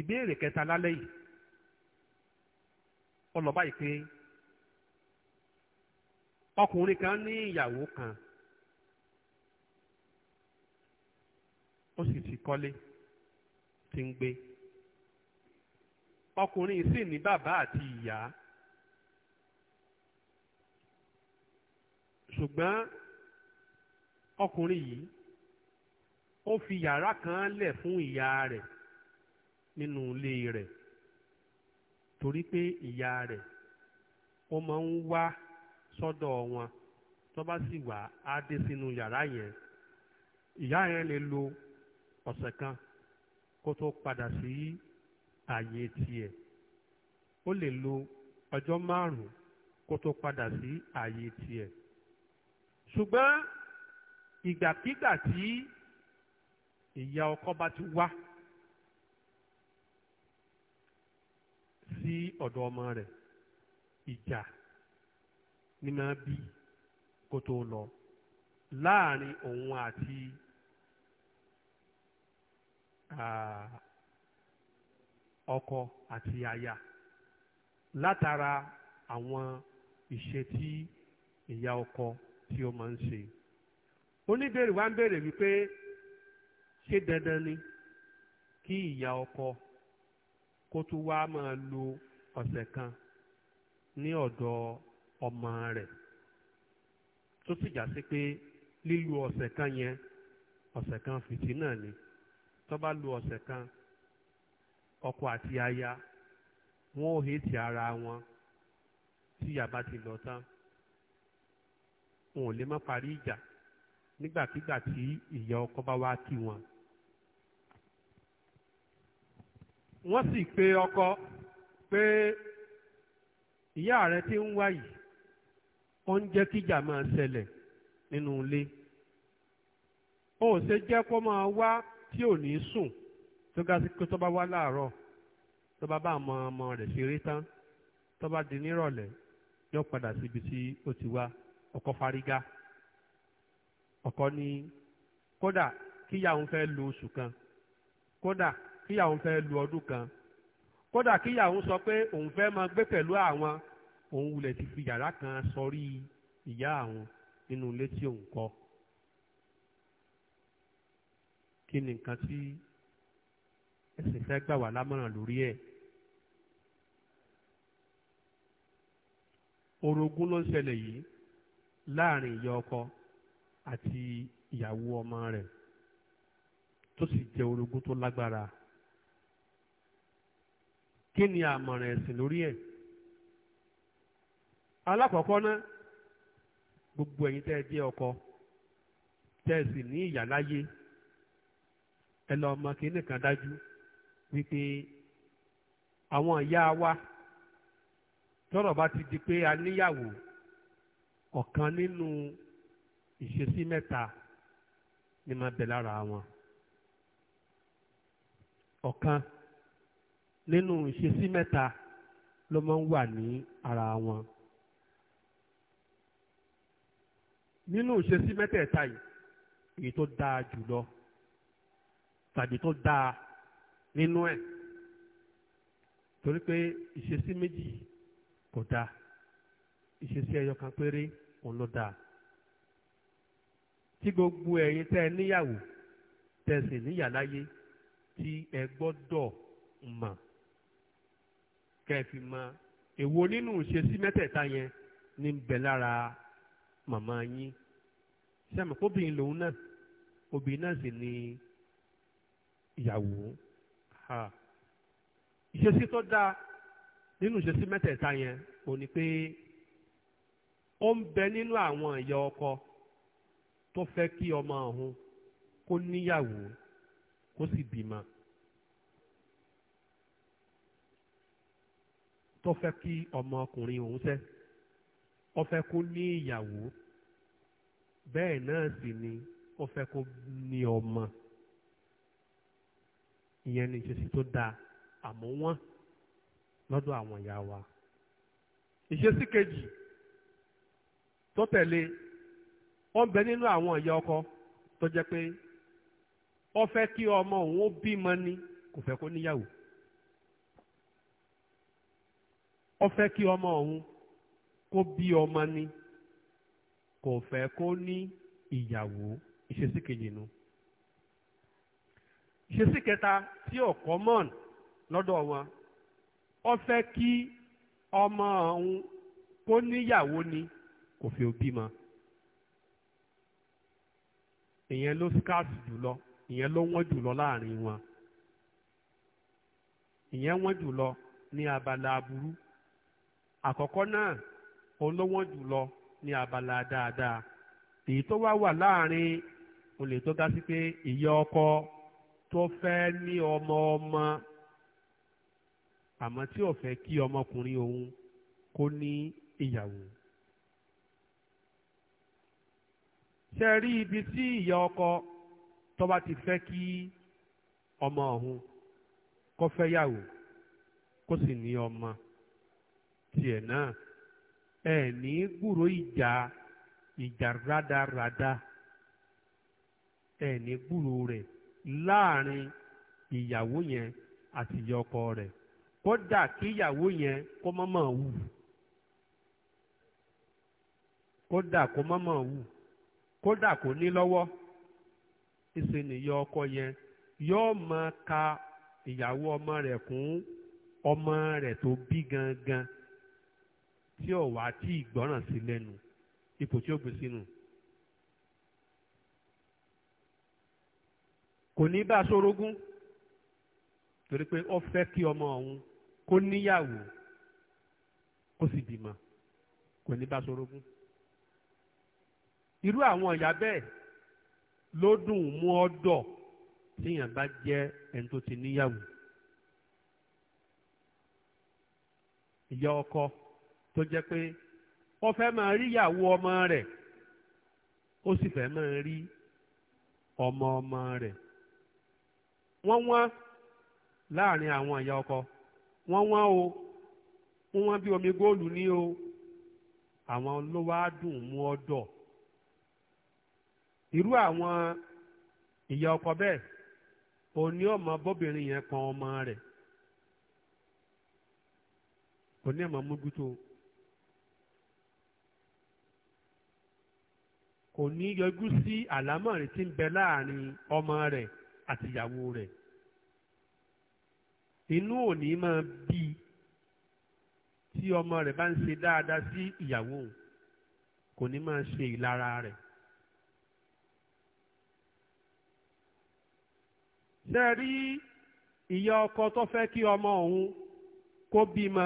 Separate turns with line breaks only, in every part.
ìbéèrè kẹta lálẹ́ yìí ọlọ́ba yìí pé ọkùnrin kan ní ìyàwó kan ó sì ti kọ́lé ti ń gbé ọkùnrin sì ní bàbá àti ìyá ṣùgbọ́n ọkùnrin yìí ó fi yàrá kan lẹ̀ fún ìyá rẹ̀ nínú ilé rẹ̀ torí pé ìyá rẹ̀ ó máa ń wá sọ́dọ̀ wọn tó bá sì wà á dé sínú yàrá yẹn ìyá yẹn lè lo ọ̀sẹ̀ kan kó tó padà sí ààyè tiẹ̀ ó lè lo ọjọ́ márùn-ún kó tó padà sí ààyè tiẹ̀ ṣùgbọ́n ìgbàkigbà tí ìyá ọkọ bá ti wá sí ọ̀dọ̀ ọmọ rẹ̀ ìjà ní máa bí kó tó lọ láàrin òun àti ọkọ àti aya látara àwọn ìṣe tí ìyá ọkọ tí ó máa ń ṣe oníbèrè wa ń bèrè wípé ṣé dandan ni kí ìyá ọkọ kó tún wá máa lo ọ̀sẹ̀ kan ní ọ̀dọ̀ ọmọ rẹ̀ tó sì já pé lílo ọ̀sẹ̀ kan yẹn ọ̀sẹ̀ kan fìtínà ni tó bá lo ọ̀sẹ̀ kan ọkọ àti aya wọn ò hẹ́tì ara wọn tí ìyá bá ti lọ tán wọn ò lè má parí ìjà nígbàkigbà tí ìyá ọkọ bá wá kí wọn. wọ́n sì pe ọkọ pé ìyá rẹ ti ń wá yìí ó ń jẹ́ kíjà máa ṣẹlẹ̀ nínú ilé ó ṣe jẹ́ kó máa wá tí ò ní sùn tó ga sí pé tó bá wá láàárọ̀ tó bá bá àwọn ọmọ rẹ̀ ṣeré tán tó bá di nírọ̀lẹ́ yóò padà síbi tí ó ti wá ọkọ fárígá ọkọ ní kódà kíyà òun fẹ́ lo oṣù kan kódà kíyàwó fẹ́ lu ọdún kan kódà kíyàwó sọ pé òun fẹ́ máa gbé pẹ̀lú àwọn òun wulẹ̀ ti fi yàrá kan sọrí ìyá àwọn nínú ilé tí òun kọ́ kí ni nǹkan tí ẹ̀sìn fẹ́ gbà wá lámọ̀ràn lórí ẹ̀. orogún ló ń ṣẹlẹ̀ yìí láàrin ìyá ọkọ àti ìyàwó ọmọ rẹ̀ tó sì jẹ́ orogún tó lágbára kí ni àmọ̀ràn ẹ̀sìn lórí ẹ̀ alákọ̀ọ́kọ́ náà gbogbo ẹ̀yin tẹ́ ẹ jẹ́ ọkọ tẹ́ ẹ sì ní ìyá láyé ẹ lọ ọmọ kìíní kan dájú wípé àwọn ìyá wa tọ́rọ̀ bá ti di pé a níyàwó ọ̀kan nínú ìṣesí mẹ́ta ni máa bẹ lára wọn ọ̀kan nínú ìṣesí mẹ́ta ló máa ń wà ní ara wọn. nínú ìṣesí mẹ́tẹ̀ẹ̀ta yìí èyí tó dáa jùlọ tàbí tó dáa nínú ẹ̀ torí pé ìṣesí méjì kò dáa ìṣesí ẹyọ kan péré òun ló dáa tí gbogbo ẹ̀yin tẹ́ ẹ níyàwó tẹ̀sí níyàláyé tí ẹ gbọ́dọ̀ mọ̀ kẹfì mọ èwo nínú ìṣesí mẹ́tẹ̀ẹ̀ta yẹn ní bẹ lára màmá yín sẹ́mi kóbìnrin lòun náà obìnrin náà sì ni ìyàwó ìṣesí tó dáa nínú ìṣesí mẹ́tẹ̀ẹ̀ta yẹn ò ní pé ó ń bẹ nínú àwọn ìyá ọkọ tó fẹ́ kí ọmọ ọ̀hún kó níyàwó kó sì bímọ. Si tó fẹ́ kí ọmọkùnrin òun fẹ́ ó fẹ́ kó ní ìyàwó bẹ́ẹ̀ náà sì ni ó fẹ́ kó ní ọmọ ìyẹn ni ìṣesí tó dáa àmọ́ wọ́n lọ́dọ̀ àwọn ìyá wa ìṣesí kejì tó tẹ̀lé ó bẹ nínú àwọn ìyá ọkọ tó jẹ́ pé ó fẹ́ kí ọmọ òun bímọ ni kò fẹ́ kó níyàwó ó fẹ́ kí ọmọ òun kó bí ọmọ ni kò fẹ́ kó ní ìyàwó ìṣesí kejì nu ìṣesí kẹta tí ò common lọ́dọ̀ wọn ó fẹ́ kí ọmọ òun kó níyàwó ni kò fi òbí mọ́ ìyẹn ló scarce jùlọ ìyẹn ló wọ́n jùlọ láàrin wọn ìyẹn wọ́n jùlọ ní abala aburú àkọ́kọ́ náà òun ló wọ́n jù lọ ní abala dáadáa èyí tó wá wà láàrin olè tó ga sí pé ìyá ọkọ tó fẹ́ ní ọmọ ọmọ àmọ́ tí ò fẹ́ kí ọmọkùnrin òun kó ní ìyàwó. ṣe rí ibi tí ìyá ọkọ tó bá ti fẹ́ kí ọmọ ọ̀hún kó fẹ́ yàwó kó sì ní ọmọ. tiẹ̀ náà ẹ ní gbúrò ìjà ìjà rádaràda ẹ ní gbúrò rẹ̀ láàrin ìyàwó yẹn àti ìyọkọ rẹ̀ kódà kí ìyàwó yẹn kó mọ́mọ́ wù kódà kó mọ́mọ́ wù kódà kó ní lọ́wọ́ ìṣe nìyọ ọkọ yẹn yóò máa ka ìyàwó ọmọ rẹ̀ kún ọmọ rẹ̀ tó bí gangan tí ò wá tí ìgbọ́ràn sí lẹ́nu ipò tí ó gbé sínú. kò ní bá sorogún torí pé ó fẹ́ kí ọmọ òun kó níyàwó kó sì bímọ kò ní bá sorogún. irú àwọn ìyá bẹ́ẹ̀ ló dùn mú ọ̀dọ̀ tíyàn bá jẹ́ ẹni tó ti níyàwó. ìyá ọkọ. tó jẹ́ pé ó fẹ́ máa rí ìyàwó ọmọ rẹ̀ ó sì fẹ́ máa rí ọmọ ọmọ rẹ̀ wọ́n wá láàrin àwọn ìyá ọkọ wọ́n wá o wọ́n wá bí omi góòlù ní o àwọn ló wá dùn mú ọdọ̀ irú àwọn ìyá ọkọ bẹ́ẹ̀ òní ọmọ bóbìnrin yẹn pọn ọmọ rẹ̀ òní ọmọ mójútó kò ní yọjú sí àlámọ̀rin tí ń bẹ láàrin ọmọ rẹ̀ àtìyàwó rẹ̀ inú òní máa bí tí ọmọ rẹ̀ bá ń ṣe dáadáa sí ìyàwó kò ní máa ṣe ìlara rẹ̀ ṣe rí ìyá ọkọ tó fẹ́ kí ọmọ òun kó bímọ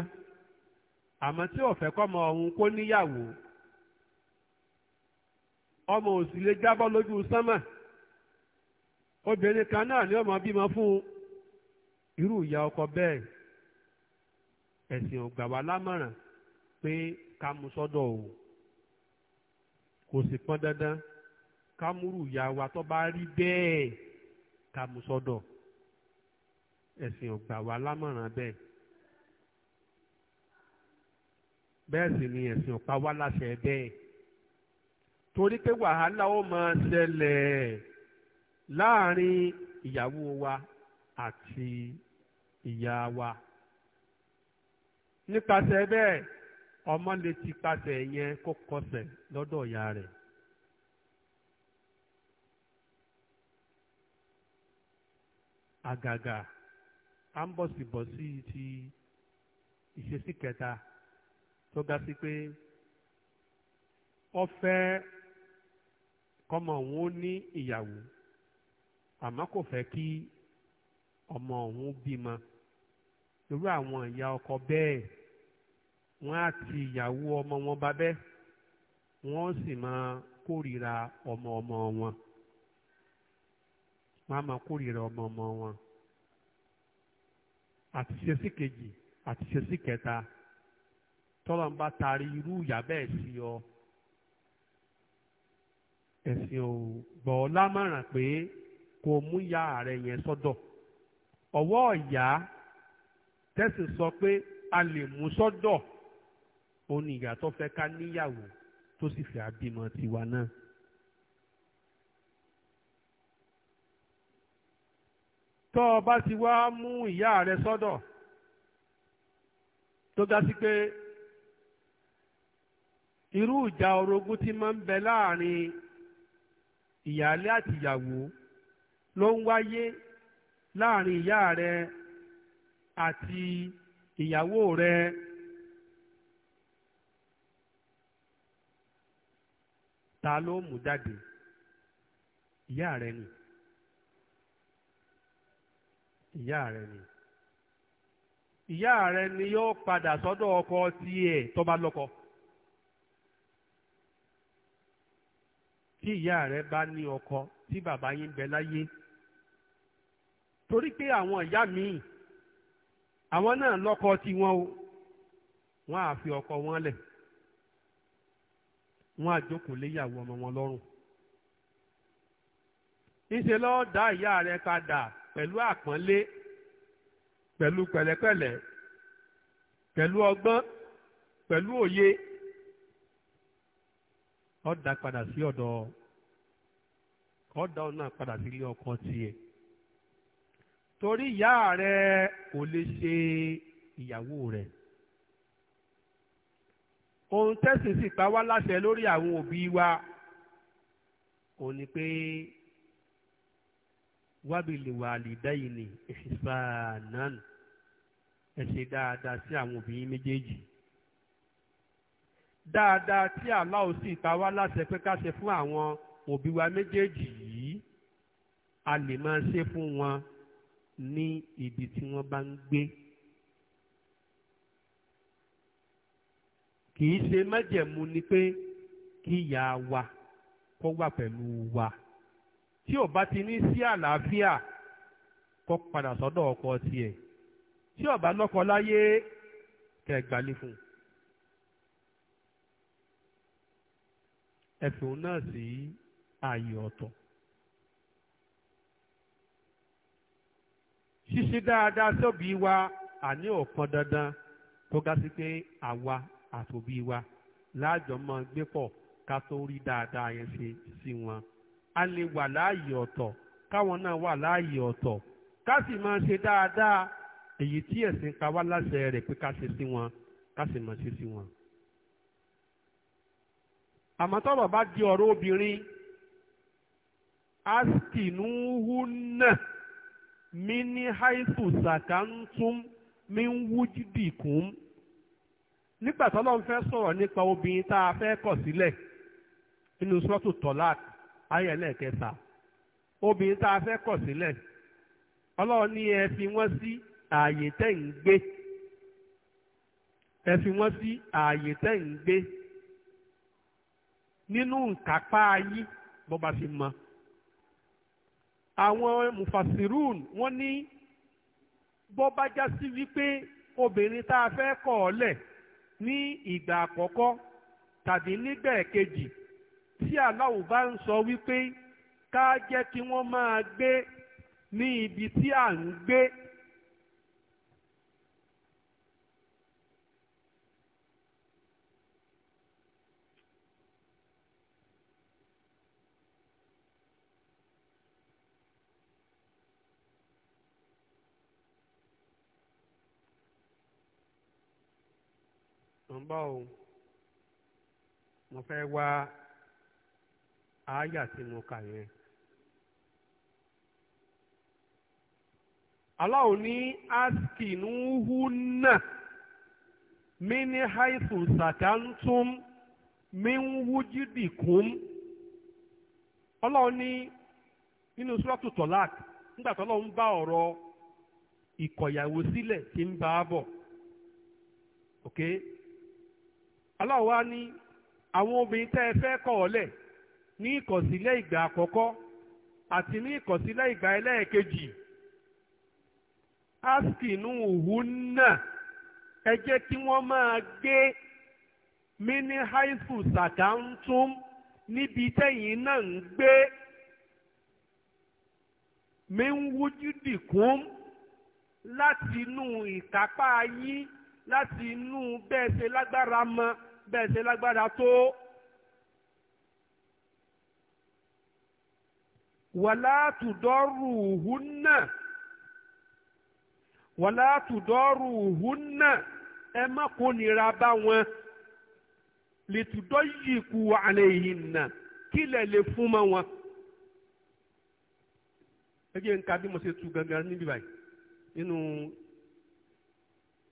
àmọ́ tí ò fẹ́ kọ́mọ òun kó níyàwó ọmọ òsì lè jábọ́ lójú sánmà obìnrin kan náà ni ọmọ bímọ fún irú ìyá ọkọ bẹ́ẹ̀ ẹ̀sìn ò gbà wá lámọ̀ràn pé ká mú sọ́dọ̀ o kò sì pọn dandan ká múrù ìyá wa tó bá rí bẹ́ẹ̀ ká mú sọ́dọ̀ ẹ̀sìn ò gbà lámọ̀ràn bẹ́ẹ̀ bẹ́ẹ̀ sì ni ẹ̀sìn ò pa wá láṣẹ bẹ́ẹ̀. torí pé wàhálà ó máa ṣẹlẹ̀ láàrin ìyàwó wa àti ìyá wa nípasẹ̀ bẹ́ẹ̀ ọmọ lè ti pasẹ̀ yẹn kó kọsẹ̀ lọ́dọ̀ ìyá rẹ̀. àgàgà à ń sí ti ìṣesí kẹta tó ga sí pé ọ fẹ́ kọ́mọ òun ó ní ìyàwó àmọ́ kò fẹ́ kí ọmọ òun bímọ irú àwọn ìyá ọkọ bẹ́ẹ̀ wọ́n á ti ìyàwó ọmọ wọn bẹ́ wọ́n sì máa kórìíra ọmọ ọmọ wọn wọ́n á máa ọmọ ọmọ wọn àti ṣe sí kejì ṣe sí kẹta tọ́lọ́mbà taari irú ìyá bẹ́ẹ̀ sí ọ. ẹ̀sìn ò gbọ́ ọ lámọ̀ràn pé kò mú ya ààrẹ yẹn sọ́dọ̀ ọwọ́ ọ̀yá tẹ̀sìn sọ pé a lè mú sọ́dọ̀ òun ni ìyá tó fẹ́ ká níyàwó tó sì fẹ́ àbímọ tiwa náà. tọ́ ọ bá ti wá mú ìyá rẹ sọ́dọ̀ tó ga sí pé irú ìjà orogún tí máa ń bẹ láàrin ìyáálé àti ìyàwó ló ń wáyé láàrin ìyá rẹ àti ìyàwó rẹ. ta ló mú jáde ìyá rẹ ni ìyá rẹ ni ìyá rẹ ni yóò padà sọ́dọ̀ ọkọ tiẹ̀ tó bá tí ìyá rẹ bá ní ọkọ tí bàbá yín bẹ láyé torí pé àwọn ìyá míì àwọn náà lọ́kọ tiwọn o wọ́n á fi ọkọ wọn lẹ̀ wọ́n á jókòó léyàwó ọmọ wọn lọ́rùn níṣẹ́ lọ́ọ́ dá ìyá rẹ padà pẹ̀lú àpọ́nlé pẹ̀lú pẹ̀lẹ́pẹ̀lẹ́ pẹ̀lú ọgbọ́n pẹ̀lú òye kọ́ da padà sí ọ̀dọ̀ kọ́ da ọ̀nà padà sí ilé ọkọ tiẹ̀ torí ìyá rẹ kò lè ṣe ìyàwó rẹ ohun tẹ́sìn sì pa wá láṣẹ lórí àwọn òbí wa òun ni pé wábìlì wàlídáyìí ni ihsanan ẹ ṣe dáadáa sí àwọn òbí méjèèjì dáadáa tí aláwo sì ta wá láṣẹ pé ká ṣe fún àwọn òbí wa méjèèjì yìí a lè máa ṣe fún wọn ní ibi tí wọ́n bá ń gbé. kì í ṣe májẹ̀mú ni pé kí ìyá wa kó wà pẹ̀lú wa tí ò bá ti ní sí àlàáfíà kó padà sọ́dọ̀ ọkọ tiẹ̀ tí ò lọ́kọ láyé kẹgbàlé fún un. ẹ̀fìn òun náà sí ààyè ọ̀tọ̀. ṣíṣe dáadáa sóbí wa àní ọ̀kan dandan tó ga sí pé àwa àtòbí wa láàjọ máa gbé pọ̀ ká tó rí dáadáa yẹn ṣe sí wọn. a lè wà láàyè ọ̀tọ̀ káwọn náà wà láàyè ọ̀tọ̀ ká sì máa ṣe dáadáa èyí tí ẹ̀sìn pa wá láṣẹ rẹ̀ pé ká ṣe sí wọn ká sì máa ṣe sí wọn. àmọ́ tọ́rọ̀ bá di ọ̀rọ̀ obìnrin haifu nígbà fẹ́ sọ̀rọ̀ nípa obìnrin tá a fẹ́ kọ̀ sílẹ̀ nínú sọ́tò tọ́lák ayé obìnrin tá a fẹ́ kọ̀ sílẹ̀ ọlọ́run ní ẹ fi wọ́n sí ààyè tẹ́ ń gbé ẹ fi wọ́n sí ààyè tẹ́ ń nínú ìkápá yín bó bá ti mọ. àwọn mufasirun wọ́n ní bó bá já sí wípé obìnrin tá a fẹ́ kọ̀ ọ́ lẹ̀ ní ìgbà àkọ́kọ́ tàbí nígbà kejì tí aláwo bá ń sọ wípé ká jẹ́ kí wọ́n máa gbé ní ibi tí à ń gbé. ń mo fẹ́ wa aya tí mo kà yẹn. aláwo ní askinuhunna min haithu sakantum min wujidikum ọlọ́run ní nínú sọ́tù tọ́lák nígbà tó lọ́n bá ọ̀rọ̀ ìkọ̀yàwó sílẹ̀ tí ń bá a Allah ni àwọn obìnrin tẹ́ ẹ fẹ́ kọ̀ ọ́lẹ̀ ní ìkọ̀sílẹ̀ ìgbà àkọ́kọ́ àti ní ìkọ̀sílẹ̀ ìgbà ẹlẹ́ẹ̀kejì askinu hunna ẹ jẹ́ kí wọ́n máa gbé mini school sakantum níbi tẹ́yìn náà ń gbé mi ń wójú dìkún láti inú ìkápá yín láti inú bẹ́ẹ̀ ṣe lágbára mọ́. bẹ́ẹ̀ ṣe lágbára tó wàlá tùdọ́rù hùnà wàlá tùdọ́rù hùnà ẹ má kó nira bá wọn lìtùdọ́ yìí kú àlẹ́ yìí nà kílẹ̀ lè fún mọ́ wọn. ẹ jẹ́ nǹkan bí mo ṣe tu gangan níbí báyìí nínú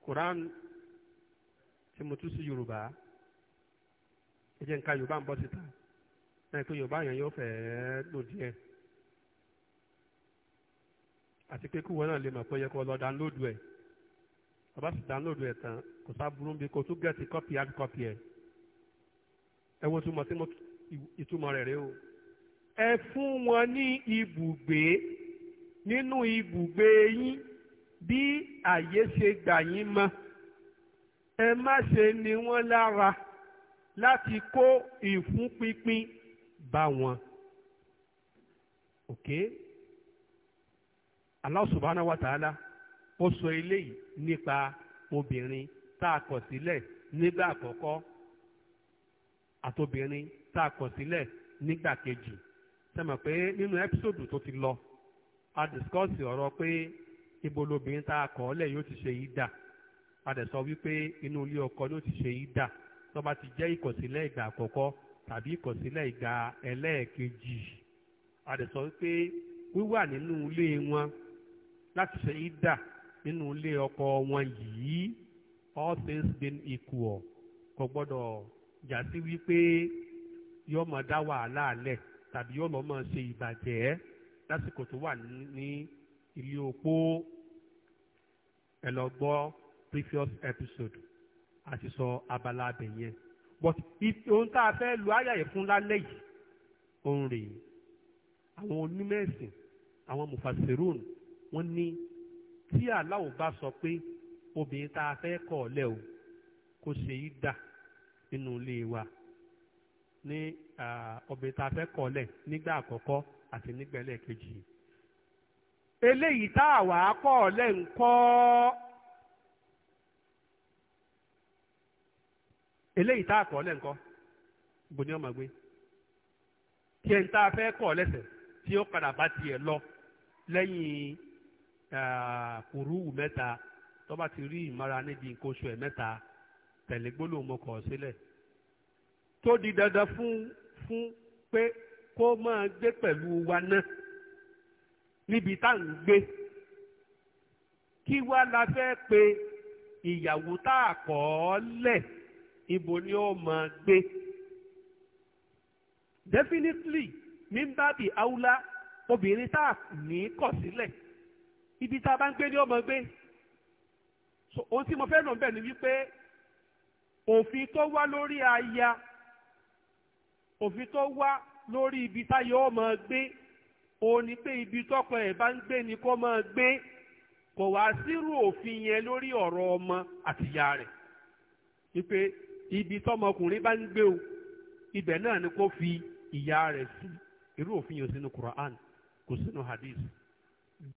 Quran tí mo tú sí Yorùbá jẹ́ nǹka yorùbá ń bọ́ síta ẹ̀ pé yorùbá yẹn yóò fẹ́ẹ́ lò díẹ̀ àti pé kúwọ́ náà lè mọ̀ pé yẹ kó lọ dánlóòdù ẹ̀ ọba sì dánlóòdù ẹ̀ tán kò sá burú bí kò tún gẹ̀ẹ́tì kọ́pì hard copy ẹ̀ ẹ wo túmọ̀ tí mo ìtumọ̀ rẹ̀ rẹ o ẹ fún wọn ní ibùgbé nínú ibùgbé yín bí àyè ṣe gbà yín mọ́ ẹ má ṣe ni wọ́n lára láti kó ìfúnpinpin bá wọn. ok Allah subhanahu wa ta'ala ó sọ eléyìí nípa obìnrin tá a kọ̀ sílẹ̀ nígbà àkọ́kọ́ àtobìnrin tá a kọ̀ sílẹ̀ nígbà kejì sẹ́mọ̀ pé nínú ẹ́písòdù tó ti lọ a dìskọ́sì ọ̀rọ̀ pé ibo lobìnrin tá a kọ̀ ọ́lẹ̀ yóò ti ṣe yìí dà a dẹ̀ sọ wípé inú ilé ọkọ ló ti ṣe yìí dà tó bá ti jẹ́ ìkọ̀sílẹ̀ ìgbà àkọ́kọ́ tàbí ìkọ̀sílẹ̀ ìgbà ẹlẹ́ẹ̀kejì a lè sọ pé wíwà nínú ilé wọn láti ṣe ìdà nínú ilé ọkọ wọn yìí all things being equal kò gbọ́dọ̀ jà wípé yóò máa dá wàhálà lẹ̀ tàbí yóò lọ́ máa ṣe ìbàjẹ́ lásìkò tó wà ní ilé opó ẹ previous episode àti sọ abala abẹ yẹn but ohun tá a fẹ́ lu àyà yẹn fún lálẹ́ yìí òun rèé àwọn onímọ̀ ẹ̀sìn àwọn mufasirun wọ́n ní tí aláwo bá sọ pé obìnrin tá a fẹ́ kọ̀ ọ́ lẹ́ o kò ṣe é dà nínú ilé wa ní obìnrin tá a fẹ́ kọ̀ ọ́ lẹ̀ nígbà àkọ́kọ́ àti nígbà ẹlẹ́ẹ̀kejì eléyìí tá a wà á kọ̀ ọ́ lẹ́ ń eléyìí tá a kọ́ lẹ́ǹkọ́ gbò ní ọmọ gbé tí ẹni tá a fẹ́ kọ́ lẹ́sẹ̀ tí ó padà bá tiẹ̀ lọ lẹ́yìn kùrúwù mẹ́ta tó bá ti rí ìmọ̀ra níbi nǹkan oṣù ẹ̀ mẹ́ta tẹ̀lé gbólóhùn mọ́ kọ̀ sílẹ̀ tó di dandan fún fún pé kó máa gbé pẹ̀lú wa náà níbi tá à ń gbé kí wá la fẹ́ pe ìyàwó tá a kọ́ lẹ̀ ibo ni ó máa gbé definitely mímbàbí aula obìnrin tá a ní kọ̀ sílẹ̀ ibi tá a bá ń gbé ni ó máa gbé so ohun tí mo fẹ́ lò ń bẹ̀ ni wípé òfin tó wá lórí aya òfin tó wá lórí ibi táyà ó máa gbé òun ni pé ibi tọkọ ẹ̀ bá ń gbé ni kó máa gbé kò wá sírú òfin yẹn lórí ọ̀rọ̀ ọmọ àtìyá rẹ̀ wípé ibi tọmọkùnrin bá ń gbé o ibẹ̀ náà ni kò fi ìyá rẹ̀ sí irú òfin yóò sínú Quran kò sínú hadith